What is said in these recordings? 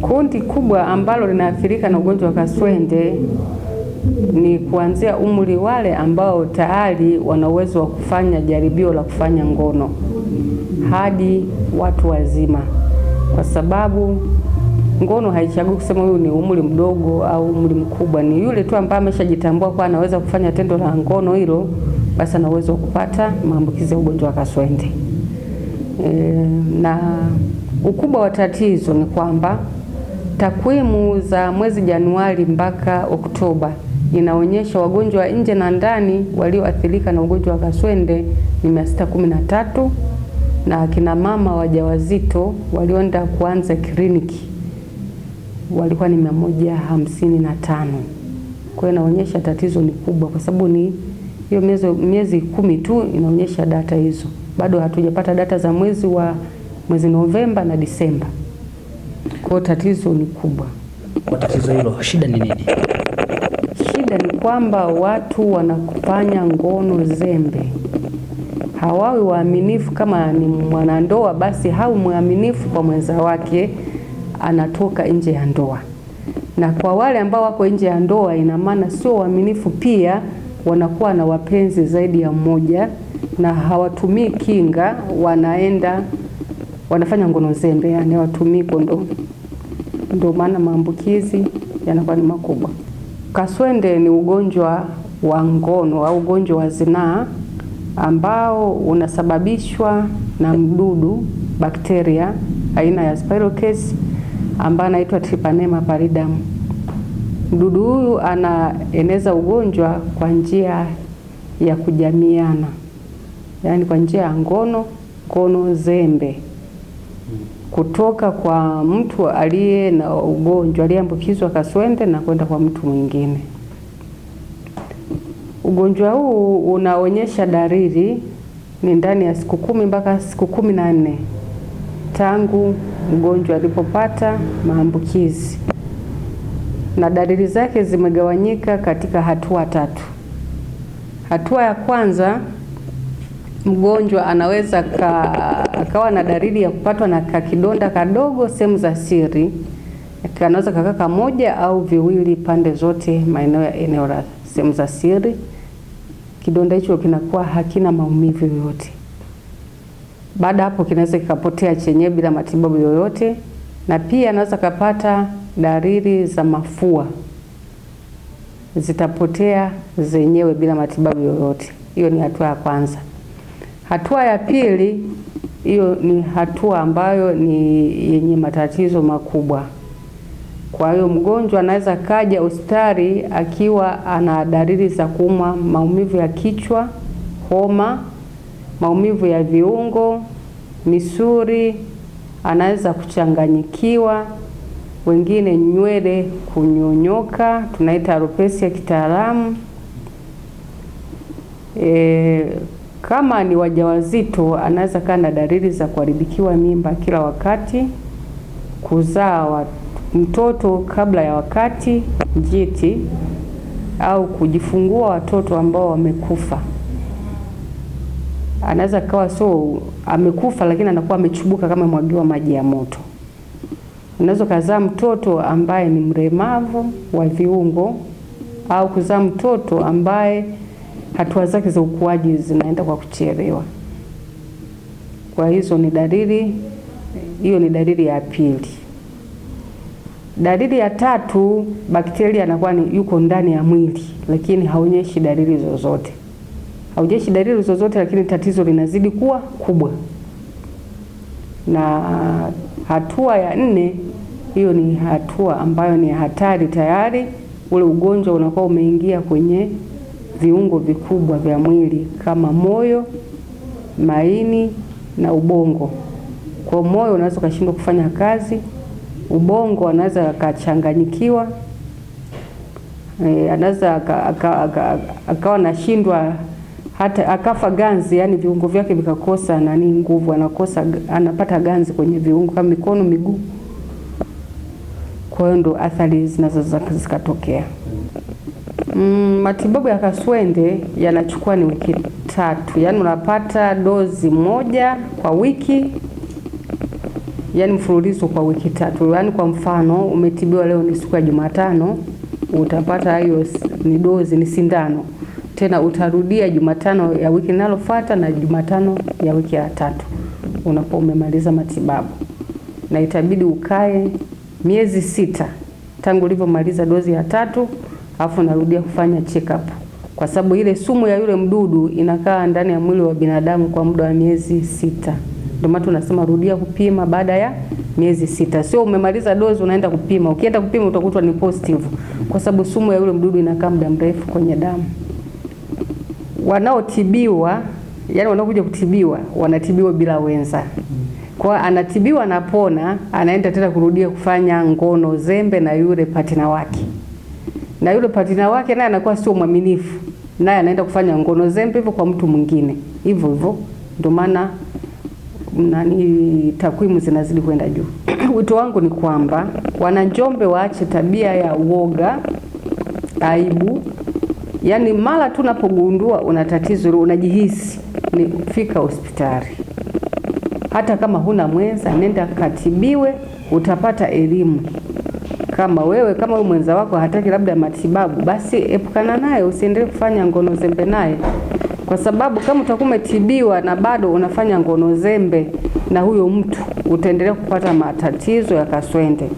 Kundi kubwa ambalo linaathirika na ugonjwa wa kaswende ni kuanzia umri wale ambao tayari wana uwezo wa kufanya jaribio la kufanya ngono hadi watu wazima, kwa sababu ngono haichagui kusema huyu ni umri mdogo au umri mkubwa. Ni yule tu ambaye ameshajitambua kwa anaweza kufanya tendo la ngono hilo, basi ana uwezo wa kupata maambukizi ya ugonjwa wa kaswende. E, na ukubwa wa tatizo ni kwamba Takwimu za mwezi Januari mpaka Oktoba inaonyesha wagonjwa nje na ndani walioathirika na ugonjwa wa kaswende ni 613 na akina mama wajawazito walioenda kuanza kliniki walikuwa ni 155. Kwa hiyo inaonyesha tatizo ni kubwa, kwa sababu ni hiyo miezi, miezi kumi tu inaonyesha data hizo. Bado hatujapata data za mwezi wa mwezi Novemba na Disemba. Kwa tatizo ni kubwa. Kwa tatizo hilo shida ni nini? Shida ni kwamba watu wanakufanya ngono zembe, hawawi waaminifu. Kama ni mwanandoa, basi hau mwaminifu kwa mwenza wake, anatoka nje ya ndoa. Na kwa wale ambao wako nje ya ndoa, ina maana sio waaminifu pia, wanakuwa na wapenzi zaidi ya mmoja na hawatumii kinga, wanaenda wanafanya ngono zembe, yani hawatumii kondomu ndio maana maambukizi yanakuwa ni makubwa. Kaswende ni ugonjwa wa ngono au ugonjwa wa zinaa ambao unasababishwa na mdudu bakteria aina ya spirochete ambaye anaitwa Treponema pallidum. Mdudu huyu anaeneza ugonjwa kwa njia ya kujamiana, yaani kwa njia ya ngono, ngono zembe kutoka kwa mtu aliye na ugonjwa aliyeambukizwa kaswende na kwenda kwa mtu mwingine. Ugonjwa huu unaonyesha dalili ni ndani ya siku kumi mpaka siku kumi na nne tangu mgonjwa alipopata maambukizi, na dalili zake zimegawanyika katika hatua tatu. Hatua ya kwanza mgonjwa anaweza akawa na dalili ya kupatwa na kakidonda kadogo sehemu za siri, anaweza kakaa kamoja au viwili pande zote maeneo ya eneo la sehemu za siri. Kidonda hicho kinakuwa hakina maumivu yoyote. Baada hapo kinaweza kikapotea chenyewe bila matibabu yoyote, na pia anaweza kapata dalili za mafua, zitapotea zenyewe bila matibabu yoyote. Hiyo ni hatua ya kwanza. Hatua ya pili, hiyo ni hatua ambayo ni yenye matatizo makubwa. Kwa hiyo mgonjwa anaweza kaja hospitali akiwa ana dalili za kuumwa, maumivu ya kichwa, homa, maumivu ya viungo, misuri anaweza kuchanganyikiwa, wengine nywele kunyonyoka, tunaita alopecia kitaalamu e, kama ni wajawazito, anaweza kaa na dalili za kuharibikiwa mimba kila wakati, kuzaa wa mtoto kabla ya wakati, njiti, au kujifungua watoto ambao wamekufa. Anaweza kawa so amekufa, lakini anakuwa amechubuka kama mwagiwa maji ya moto. Unaweza kuzaa mtoto ambaye ni mlemavu wa viungo au kuzaa mtoto ambaye hatua zake za ukuaji zinaenda kwa kuchelewa. Kwa hizo ni dalili hiyo, ni dalili ya pili. Dalili ya tatu, bakteria anakuwa ni yuko ndani ya mwili lakini haonyeshi dalili zozote, haonyeshi dalili zozote, lakini tatizo linazidi kuwa kubwa. Na hatua ya nne, hiyo ni hatua ambayo ni hatari tayari, ule ugonjwa unakuwa umeingia kwenye viungo vikubwa vya mwili kama moyo, maini na ubongo. Kwa moyo unaweza ukashindwa kufanya kazi, ubongo anaweza akachanganyikiwa, e, anaweza akawa nashindwa hata akafa ganzi, yani viungo vyake vikakosa nani nguvu, anakosa anapata ganzi kwenye viungo kama mikono, miguu. Kwa hiyo ndo athari zinazoweza zikatokea. Mm, matibabu ya kaswende yanachukua ni wiki tatu, yaani unapata dozi moja kwa wiki, yaani mfululizo kwa wiki tatu. Yaani kwa mfano umetibiwa leo ni siku ya Jumatano, utapata hiyo ni dozi, ni sindano tena, utarudia Jumatano ya wiki inalofuata na Jumatano ya wiki ya tatu unapo umemaliza matibabu, na itabidi ukae miezi sita tangu ulivyomaliza dozi ya tatu alafu narudia kufanya check up, kwa sababu ile sumu ya yule mdudu inakaa ndani ya mwili wa binadamu kwa muda wa miezi sita. Ndio maana tunasema rudia kupima baada ya miezi sita, sio umemaliza dozi unaenda kupima. Ukienda kupima utakutwa ni positive, kwa sababu sumu ya yule mdudu inakaa muda mrefu kwenye damu. Wanaotibiwa yani, wanaokuja kutibiwa wanatibiwa bila wenza kwa anatibiwa na pona, anaenda tena kurudia kufanya ngono zembe na yule patina wake na yule patina wake naye anakuwa sio mwaminifu, naye anaenda kufanya ngono zembe hivyo kwa mtu mwingine hivyo hivyo. Ndio maana nani, takwimu zinazidi kwenda juu. Wito wangu ni kwamba Wananjombe waache tabia ya uoga, aibu. Yaani mara tu unapogundua una tatizo unajihisi ni fika hospitali, hata kama huna mwenza, nenda katibiwe, utapata elimu kama wewe kama huyu mwenza wako hataki labda matibabu, basi epukana naye, usiendelee kufanya ngono zembe naye, kwa sababu kama utakuwa umetibiwa na bado unafanya ngono zembe na huyo mtu, utaendelea kupata matatizo ya kaswende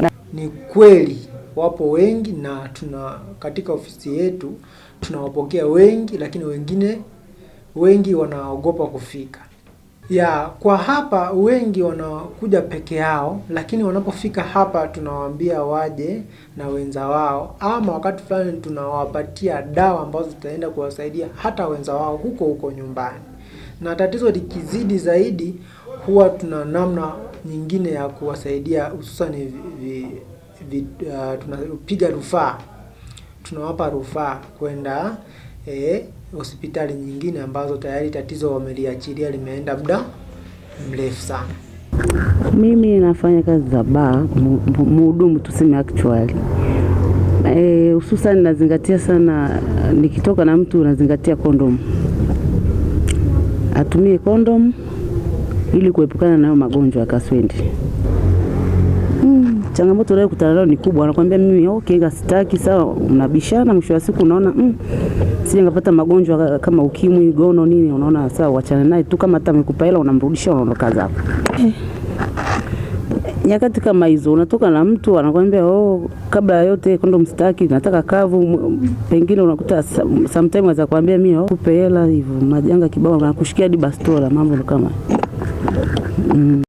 na... Ni kweli wapo wengi na tuna katika ofisi yetu tunawapokea wengi, lakini wengine wengi wanaogopa kufika. Ya, kwa hapa wengi wanakuja peke yao, lakini wanapofika hapa tunawaambia waje na wenza wao, ama wakati fulani tunawapatia dawa ambazo zitaenda kuwasaidia hata wenza wao huko huko nyumbani. Na tatizo likizidi zaidi, huwa tuna namna nyingine ya kuwasaidia, hususan vi, vi, vi, uh, tunapiga rufaa, tunawapa rufaa kwenda eh, hospitali nyingine ambazo tayari tatizo wameliachilia limeenda muda mrefu sana. Mimi nafanya kazi za baa, mhudumu tuseme actually e, hususan e, nazingatia sana nikitoka na mtu nazingatia kondom, atumie kondom ili kuepukana nayo magonjwa ya kaswendi changamoto kutana nayo ni kubwa. Anakuambia mimi okay, kinga sitaki, sawa, unabishana, mwisho wa siku unaona mm, si ningepata magonjwa kama ukimwi, gono nini, unaona sawa, wachana naye tu, kama hata amekupa hela unamrudisha, unaondoka zako. Eh. Nyakati kama hizo unatoka na mtu anakuambia oh, kabla ya yote kondo mstaki nataka kavu. Pengine unakuta sometime waza kuambia mimi oh, kupe hela hivyo, majanga kibao, anakushikia hadi bastola, mambo kama mm.